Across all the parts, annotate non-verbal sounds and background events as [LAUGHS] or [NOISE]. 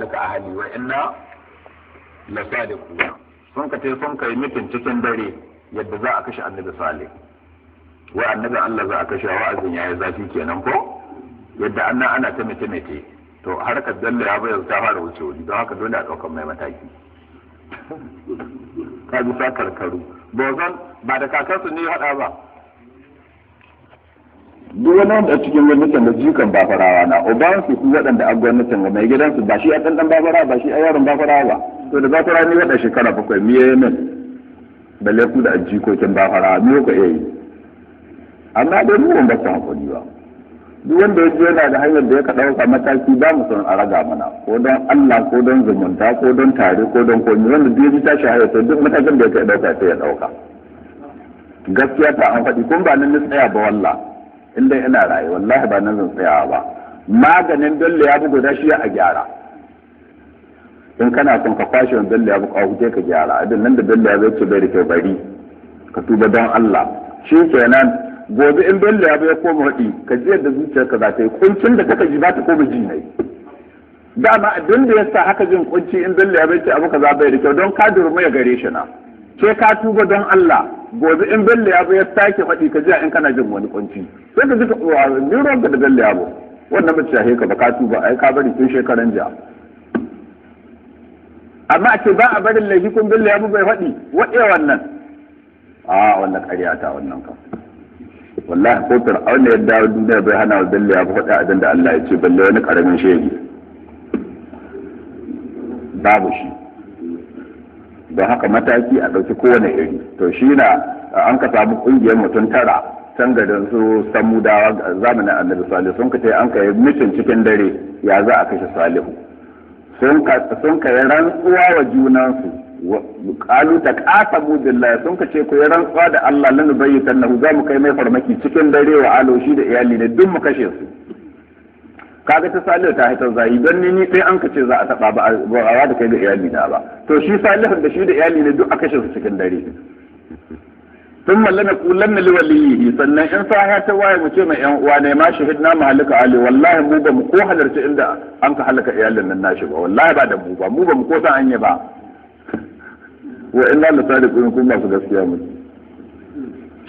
laka ahali wa inna la sadiquna sun ka ce sun kai mutun cikin dare yadda za a kashe annabi salih wa annabi Allah za a kashe wa'azin yayi zafi kenan ko yadda anna ana ta mutu mutu to harkar dalla ya bayar ta fara wuce wuri don haka dole a ɗaukar mai mataki [LAUGHS] ka bi sa karkaru bozan ba da kakarsu ne ya hada ba duk wani a cikin gwamnatin da jikan bafarawa na ubansu su waɗanda a gwamnatin ga mai gidansu ba shi a ɗan bafara ba shi a yaron bafara ba to da bafara ne waɗa shekara bakwai miye ya min balle ku da jikokin bafara miye ku yi amma dai mu ba su hakuri ba duk wanda ya ji yana da hanyar da ya ka ɗauka mataki ba mu son a raga mana ko don Allah ko don zumunta ko don tare ko don komi wanda duk ya ji tashi haya to duk matakin da ya ka ɗauka sai ya ɗauka gaskiya ta an faɗi kun ba nan ni tsaya ba wallah in dai ina raye wallahi ba nan zan tsayawa ba maganin dalle ya bugu da shi a gyara in kana son ka kwashe wani dalle ya bugu a huje ka gyara a nan da dalle ya zai ce bai da kyau bari ka tuba don Allah shi kenan gobe in dalle ya bai koma hadi ka ji yadda ka za ta yi kuncin da kaka ji ba ta koma ji ne dama abin da ya sa haka jin kunci in dalle ya bai ce abu kaza bai da kyau don ka durma ya gare shi na ke ka tuba don Allah gobe in bello yabo ya sake faɗi ka ji in kana jin wani kwanci sai ka ji ka tsuwa ni ruwanka da bello yabo wannan mace ya ka ba ka tuba ai ka bari tun shekaran jiya amma a ce ba a barin laifi kun bello bai faɗi waɗe wannan a wannan ƙarya ta wannan ka wallahi ko fir'aun ya dawo duniya bai hana wa bin yabo faɗi a da Allah ya ce bello wani ƙaramin shege babu shi don haka mataki a ɗauki kowane iri to shi na an ka samu ƙungiyar mutum tara can garin su samudawa zamanin annabi salihu sun ka ce an ka yi mishin cikin dare ya za a kashe salihu sun ka yi rantsuwa wa junansu kalu ta qasamu billahi sun ka ce ku yi rantsuwa da Allah lanu bayyana nahu za mu kai mai farmaki cikin dare wa aloshi da iyali ne duk mu kashe su kaga ta salihu ta haifar zai don ni ni sai an kace za a taba ba a da kai ga iyali na ba to shi salihu da shi da iyali ne duk a kashe su cikin dare sun mallana kulan na liwaliyi sannan in sa ta waye mu ce mai yan uwa ne ma shahid na mu halaka ali wallahi mu ba mu ko halarci inda an ka halaka iyalin nan nashi ba wallahi ba da mu ba mu ba mu ko san anya ba wa inna la sadiqun kun su gaskiya mu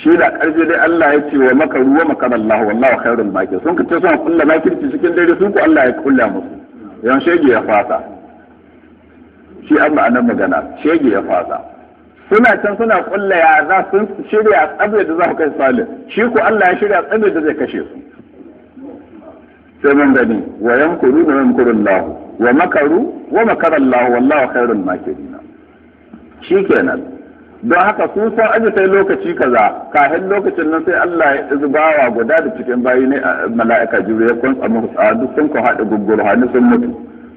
shi da ƙarfi dai Allah ya ce wa maka ruwa maka Allah wallahu khairul makir sun kace sun kulla makirci cikin dare sun ku Allah ya kulla musu yan shege ya fasa shi an ma'anar magana shege ya fasa suna can suna kulla ya za sun shirya tsabe da za su kai salih shi ku Allah ya shirya tsabe da zai kashe su sai mun gani wa yankuru da yankurun lahu wa makaru wa makaran lahu wallahu khairul makirin shikenan don haka sun san aji sai lokaci kaza kafin lokacin nan sai Allah ya zubawa guda da cikin bayi ne mala'ika jibril ya kun tsamu duk sun ko haɗa gugguru hannu sun mutu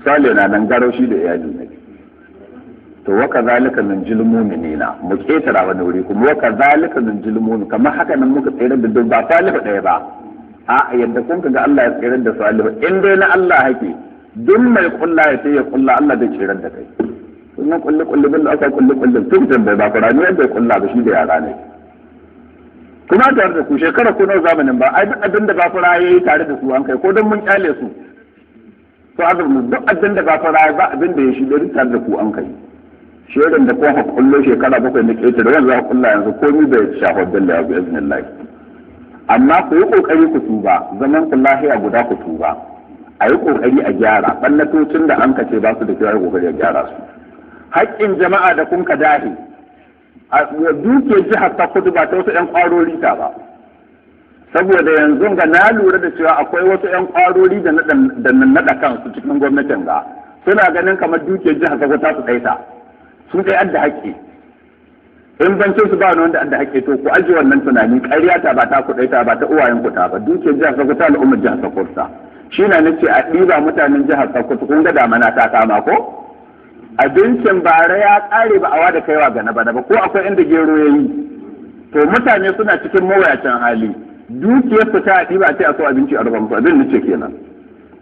sale na nan garoshi da iyali ne to wa kazalika min jil mu'minina mu ketara wani wuri kuma wa kazalika min jil mu'min kamar haka nan muka tsere da dubba ba salihu ɗaya ba a yadda kun ga Allah ya tsere da salihu in dai na Allah hake duk mai kulla ya sai ya kulla Allah zai tsere da kai sunan kulle kulle bin da aka kulle kulle tun da ba kurani yadda kulla ba shi da yara ne kuma tare da ku shekara ko na zamanin ba ai duk abin da ba fara yayi tare da su an kai ko don mun kyale su to azumi duk abin da ba fara ba abin da ya shi da tare da ku an kai shirin da kuma kullo shekara bakwai na ƙetare yanzu za kulla yanzu ni bai shafa billa bi iznillah amma ku yi kokari ku tuba zaman ku lahiya guda ku tuba a yi kokari a gyara ɓannatocin da an kace ba su da kyau a yi kokari a gyara su haƙƙin jama'a da kun ka dahi a duke jihar ta kudu ba ta wasu 'yan ƙwarori ta ba saboda yanzu ga na lura da cewa akwai wasu 'yan ƙwarori da na naɗa kansu cikin gwamnatin ga suna ganin kamar duke jihar ta ta su ɗaita sun ɗai adda haƙƙi in bancin su ba wani wanda adda haƙƙi to ku aji wannan tunani ƙarya ta ba ta ku ta ba ta uwayen ku ta ba duke jihar ta ta al'ummar jihar ta shi na nace a ɗiba mutanen jihar ta kun ga damana ta kama ko abincin bara ya ƙare ba awa da kaiwa ga na ba ko akwai inda gero ya yi to mutane suna cikin mawuyacin hali dukiyar su ta ba ce a so abinci a rufa musu abin da ce kenan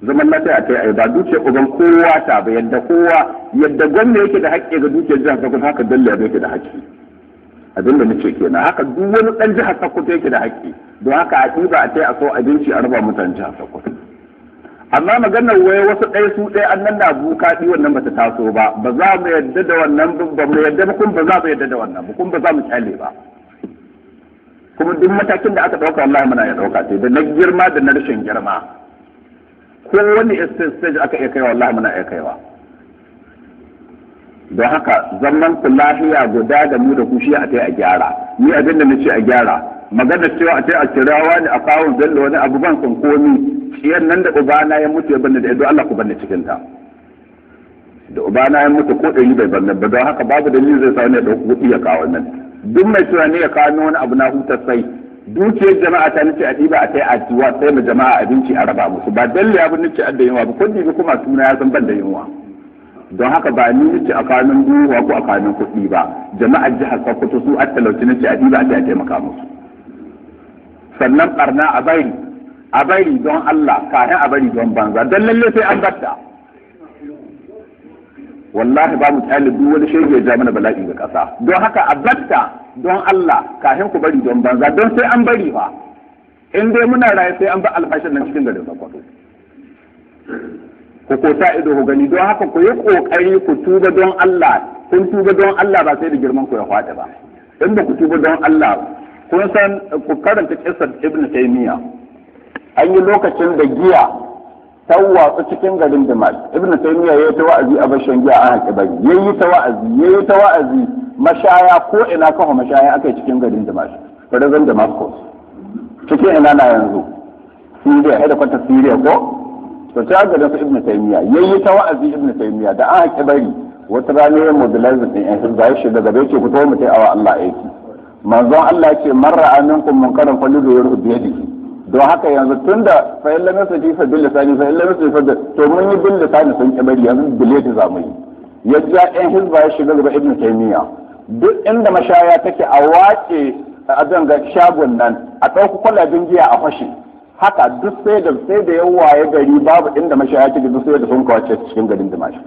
zaman lafiya a kai ba dukiyar uban kowa ta ba yadda kowa yadda gwamna yake da haƙƙi ga dukiyar jihar sokoto haka dalla yake da haƙƙi abin da nace kenan haka duk wani ɗan jihar sokoto yake da haƙƙi don haka a ɗiba a kai a so abinci a raba mutane jihar sokoto amma maganar waya wasu ɗaya su ɗaya an nan na bukaɗi wannan bata taso ba ba za mu yadda da wannan ba mu yadda ba kuma ba za mu yadda da wannan ba kuma ba za mu kyale ba kuma duk matakin da aka ɗauka Allah muna ya ɗauka sai da na girma da na rashin girma ko wani stage aka iya kaiwa Allah muna iya kaiwa don haka zaman ku lafiya guda da mu da kushi a kai a gyara ni abin da ce a gyara magana cewa a kai a kirawa ne a kawo bello wani abu ban san komi ciyar nan da ubana ya mutu ya banne da yadda Allah ku banne cikin ta da ubana ya mutu ko ɗari bai banne ba don haka babu dalilin zai sa wani ya ɗauki kuɗi ya kawo nan duk mai tunani ya kawo wani abu na hutar sai dukiyar jama'a ta nace a ɗiba a kai a tuwa sai mu jama'a abinci a raba musu ba dalli ya nace adda yunwa ba kun ba kuma suna ya san ban da yunwa don haka ba ni nace a kanun duwa ko a kanin kuɗi ba jama'a jihar Sokoto su a talauci nace a ɗiba a kai a taimaka musu sannan barna a bari a bari don Allah kafin a bari don banza don lalle sai an batta wallahi ba mu kyale duk wani shehu ya ja mana bala'i ga kasa don haka a batta don Allah kafin ku bari don banza don sai an bari fa in dai muna raye sai an ba alfashin nan cikin garin Sokoto ku ko sa ido ku gani don haka ku yi kokari ku tuba don Allah kun tuba don Allah ba sai da girman ku ya faɗi ba in ba ku tuba don Allah kun san ku karanta kissar Ibn Taymiyyah an yi lokacin da giya ta watsu cikin garin dimash ibn taymiya yayi ta wa'azi a bashin giya an haƙi bari yayi ta wa'azi yayi ta wa'azi mashaya ko ina kawo mashaya yi cikin garin dimash garin damascus cikin ina na yanzu siriya ya da kwanta siriya ko to ta garin su ibn taymiya yayi ta wa'azi ibn taymiya da an haƙi bari wata rana ya mobilizing din yan hizba ya shiga gaba yake fito mutai awa Allah aiki manzon Allah ya ce man ra'a munkaran falyughayyirhu yurhu biyadihi don haka yanzu tun da fa'in lamin su jifa bil lisani fa'in to mun yi bin lisani sun ki bari yanzu bile za mu yi ya ja ɗan hizba ya shiga gaba ibn taimiyya duk inda mashaya take a wace a ga shagon nan a ɗauki kwalabin giya a fashe haka duk sai da sai da yawa ya gari babu inda mashaya take duk sai da sun kawace cikin garin dimashi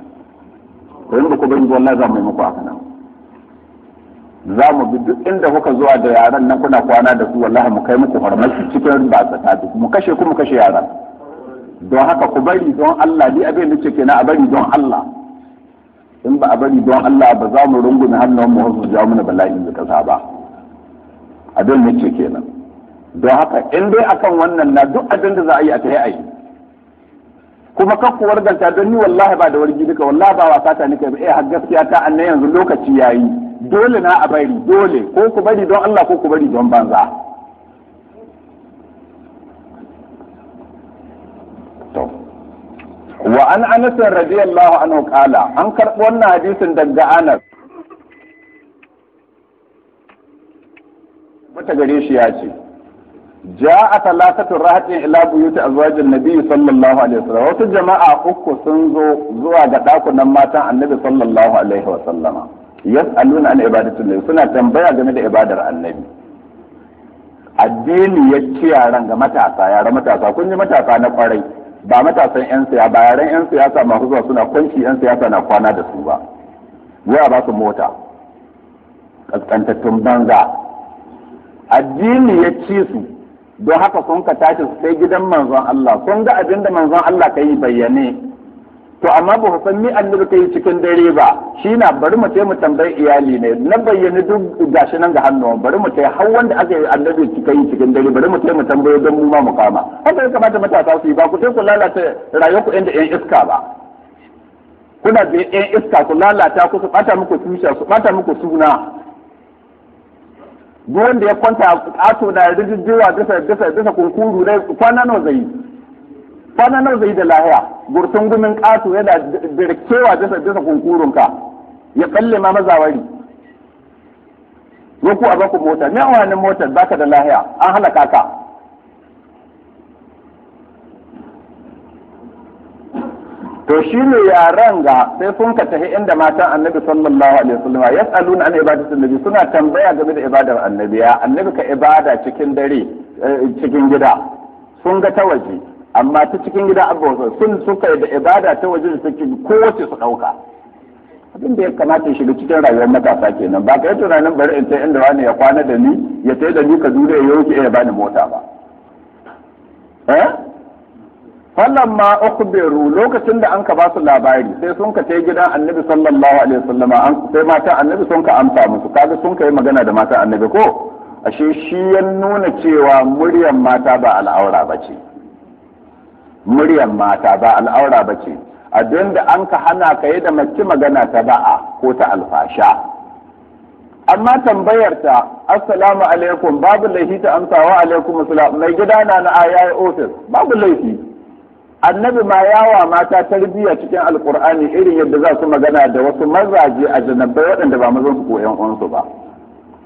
ko in ba ku bari wallahi za mu yi muku haka nan za mu bi duk inda kuka zuwa da yaran nan kuna kwana da su wallahi mu kai muku farmaki cikin ba ta duk mu kashe ku mu kashe yaran don haka ku bari don Allah ni abin da ke na a bari don Allah in ba a bari don Allah ba za mu runguna hannun mu wasu jawo mana bala'i da kasa ba abin da ke kenan don haka in dai akan wannan na duk abin da za a yi a ta yi kuma kan ku warganta don ni wallahi ba da wargi duka wallahi ba wasa ta nika ba eh har gaskiya ta annan yanzu lokaci yayi dole na a bari dole ko ku bari don Allah ko ku bari don banza wa an anas radiyallahu anhu kala an karɓi wannan hadisin daga anas mata gare shi ya ce ja'a talatatu rahatin ila buyuti azwajin nabi sallallahu alaihi wasallam wata jama'a uku sun zo zuwa ga dakunan matan annabi sallallahu alaihi wasallama yas'aluna an ibadatin nabi suna tambaya game da ibadar annabi addini ya ci yaran ga matasa yaran matasa kun ji matasa na kwarai ba matasan yan siyasa ba yaran yan siyasa masu zuwa suna kwanci yan siyasa na kwana da su ba waya ba su mota kaskantattun banza addini ya ci su don haka sun ka tashi su kai gidan manzon Allah sun ga abin manzon Allah ka yi bayyane to amma ba ku san mi annabi kai cikin dare ba shi na bari mu mu tambayi iyali ne na bayyana duk gashi nan ga hannu bari mu tai har wanda aka yi annabi kika yi cikin dare bari mu mu tambayi don mu ma mu kama haka ya kamata matasa su yi ba ku sai ku lalata rayuwar ku inda yan iska ba kuna da yan iska ku lalata ku su bata muku tushe su bata muku suna duk wanda ya kwanta a ƙato da rijijjiwa dasa dasa bisa kunkuru dai kwana nawa zai yi fananar zai da lahiya gurtun gumin ƙato yana birkewa bisa bisa kunkurunka ya kalle ma mazawari roku a baku motar ne a motar baka da lahiya an halaka ka to shi ne yaran ga sai sun ka tafi inda matan annabi sallallahu alaihi wasallam na an ibadatu annabi suna tambaya game da ibadar annabi ya annabi ka ibada cikin dare eh, cikin gida sun ga ta waje amma ta cikin gida abu wasu, sun suka yi da ibada ta waje da take kowace su ɗauka abin da ya kamata ya shiga cikin rayuwar matasa kenan ba ka yi tunanin bari in ta inda wani ya kwana da ni ya tai da ni ka dure ya yi ya bani mota ba eh falan ma ukhbiru lokacin da an ka ba su labari sai sun ka tai gidan annabi sallallahu alaihi wasallam sai mata annabi sun ka amsa musu kaga sun ka yi magana da mata annabi ko ashe shi ya nuna cewa muryar mata ba al'aura ba ce muryar mata ba al'aura ba ce abin da an ka hana ka yi da mace magana ta ba'a ko ta alfasha amma tambayar ta assalamu alaikum babu laifi ta amsa wa alaikum assalam mai gida na na ayayi ofis babu laifi annabi ma yawa mata tarbiyya cikin alkur'ani irin yadda za su magana da wasu mazaje a janabbai waɗanda ba mazan su ko yan uwansu ba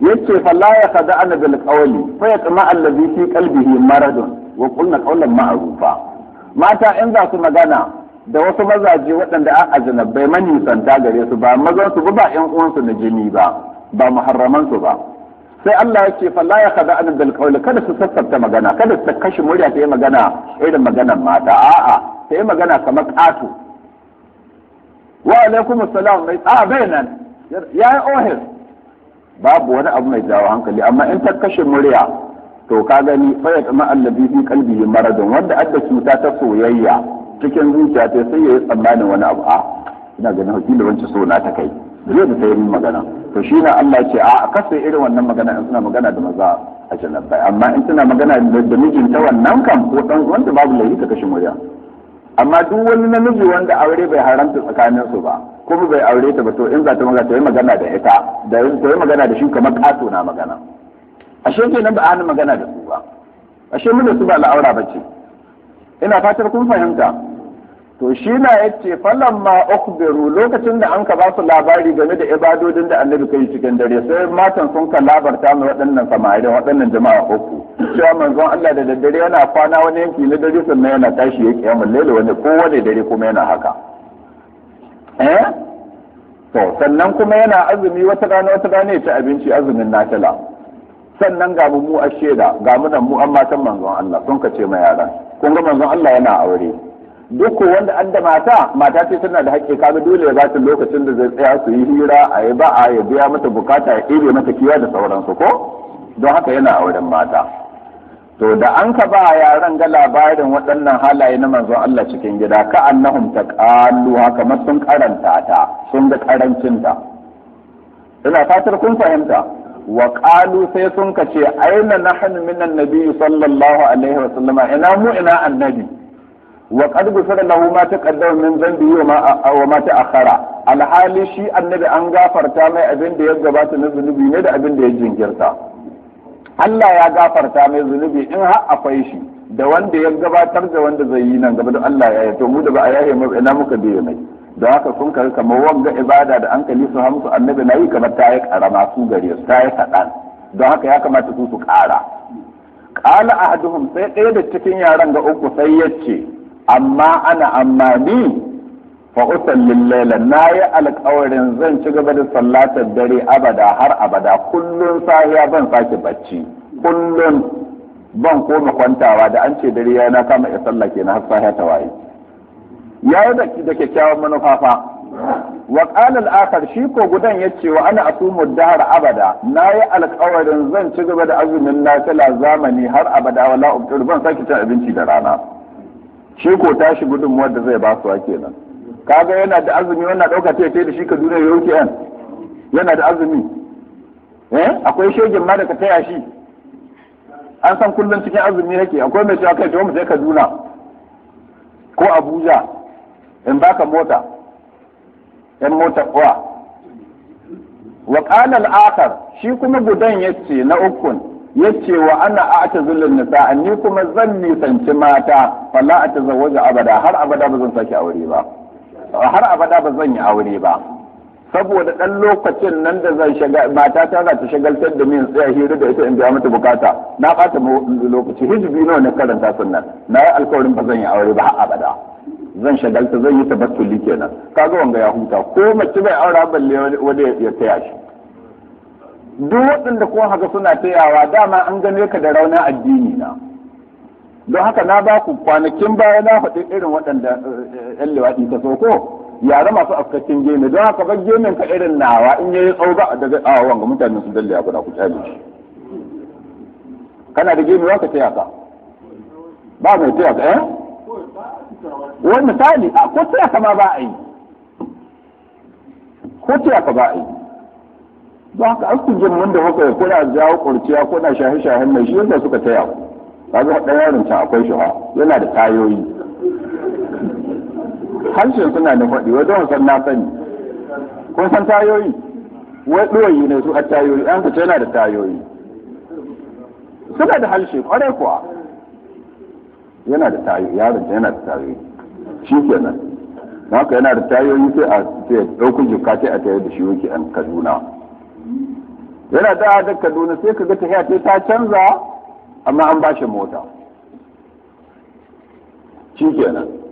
yace falla ya kada ana bil qawli fa yatma allazi fi qalbihi maradun wa qulna qawlan ma'rufa mata in za su magana da wasu mazaje waɗanda a ajinabbai manisanta gare su ba mazansu ba ba ƴan uwansu na jini ba ba muharramansu ba sai Allah ya ce fa la ya kada an bil qawl kada su sassafta magana kada su kashe murya ta yi magana irin maganar mata a'a ta yi magana kamar ƙato wa alaikum assalam mai bai nan. ya yi ohir babu wani abu mai jawo hankali amma in ta kashe murya to ka gani fayat annabi fi kalbi maradun wanda adda cuta ta soyayya cikin zuciya ta sai ya yi tsammanin wani abu a ina ganin da wancan so na ta kai zai da sai magana to shi na Allah ce a kasa irin wannan magana in suna magana da maza a jannar bai amma in suna magana da mijinta wannan kan ko dan wanda babu laifi ta kashe murya amma duk wani namiji wanda aure bai haramta tsakanin su ba kuma bai aure ta ba to in za ta magana ta yi magana da ita da ta yi magana da shi kamar kato na magana ashe nan ba a hana magana da su ba ashe mun da su ba al'aura ba ce ina fatar kun fahimta to shi na yace falon ma ukhbiru lokacin da an ka ba su labari game da ibadodin da annabi kai cikin dare sai matan sun ka labarta mu waɗannan samarin waɗannan jama'a uku cewa manzon Allah da daddare yana kwana wani yanki na dare sannan yana tashi ya kiyama laili wani ko wani dare kuma yana haka eh to sannan kuma yana azumi wata rana wata rana ya ci abinci azumin natala sannan ga mu a shaida ga mu nan mu an matan manzon Allah sun kace ma yaran kun ga manzon Allah yana aure duk wanda an da mata mata ce tana da haƙƙi kaga dole ya bata lokacin da zai tsaya su yi hira a yi ba'a ya biya mata bukata ya ɗebe mata kiwa da sauransu ko don haka yana auren mata to da an ka ba yaran ga labarin waɗannan halaye na manzon Allah cikin gida ka annahum taqalu haka ma sun karanta ta sun ga karancin ta ina fatar kun fahimta wa qalu sai sun kace aina nahnu min annabi sallallahu alaihi wa sallama ina mu ina annabi wa qad gufira lahu ma taqaddama min dhanbi wa ma wa ma ta'akhara alhali shi annabi an gafarta mai abin da ya gabata na zunubi ne da abin da ya jinkirta Allah ya gafarta mai zunubi in har akwai shi da wanda ya gabatar da wanda zai yi nan gaba da Allah ya yi to mu da ba a yaye ina muka biye mai da haka sun kari kamar wanga ibada da an kalli su hamsu annabi na yi kamar ta yi karama su gare su ta yi kaɗan don haka ya kamata su su ƙara ƙala ahaduhum sai ɗaya da cikin yaran ga uku sai ya ce amma ana amma ni fa usallin na yi alƙawarin zan ci gaba da sallatar dare abada har abada kullum sahiya ban sake bacci kullum ban koma kwantawa da an ce dare ya na kama ya sallah kenan har sahiya ta waye ya yi da kyakkyawan manufafa wa al-akhar shi ko gudan ya wa ana asumu dahar abada na yi alƙawarin zan ci gaba da azumin tala zamani har abada wala ubtur ban saki cin abinci da rana shi ko tashi gudunmuwar wanda zai ba su kenan kaga yana da azumi wannan ɗauka ta da shi ka duniya ya wuce yan yana da azumi eh akwai shegin ma da ka taya shi an san kullum cikin azumi yake akwai mai cewa kai to mu je Kaduna ko Abuja in baka mota yan mota kuwa wa qala al shi kuma gudan yace na ukun yace wa ana ta zulun nisa ni kuma zan nisanci mata fala zawaja abada har abada ba zan saki aure ba har abada ba zan yi aure ba saboda dan lokacin nan da zan shiga mata ta za ta shagaltar da min tsaya hira da ita in biya mata bukata na bata lokaci hijibi nawa na karanta sunnan na yi alkawarin ba zan yi aure ba har abada zan shagalta zan yi tabattuli kenan kaga wanga ya huta ko mace bai aura balle wanda ya taya shi duk waɗanda ko haka suna tayawa dama an gane ka da raunin addini na don haka na ba ku kwanakin baya na faɗi irin waɗanda yan eh, lewaɗi ta so ko yare masu askacin gemi don haka ba gemin ka irin nawa in yayi tsawo ba daga a wanga mutanen su dalle abu na ku tsale shi kana da gemi wa ka taya ba mai tayaka eh wani misali a ko ka ma ba a yi ko ka ba a yi Ba ka aski jin mun da kuka kuna jawo kurciya kuna shahe-shahen mai shi yadda suka taya ba kaga ɗan yaron ta akwai shi yana da tayoyi harshen suna da faɗi wai don san na sani kun san tayoyi wai ɗoyi ne su a tayoyi an ka yana da tayoyi suna da harshe ƙwarai kuwa yana da tayoyi yaron ta yana da tayoyi shi kenan haka yana da tayoyi sai a ɗaukun jikka sai a tayar da shi yake an kaduna yana da da kaduna sai ka ga ta ta ta canza amma an ba shi mota shi kenan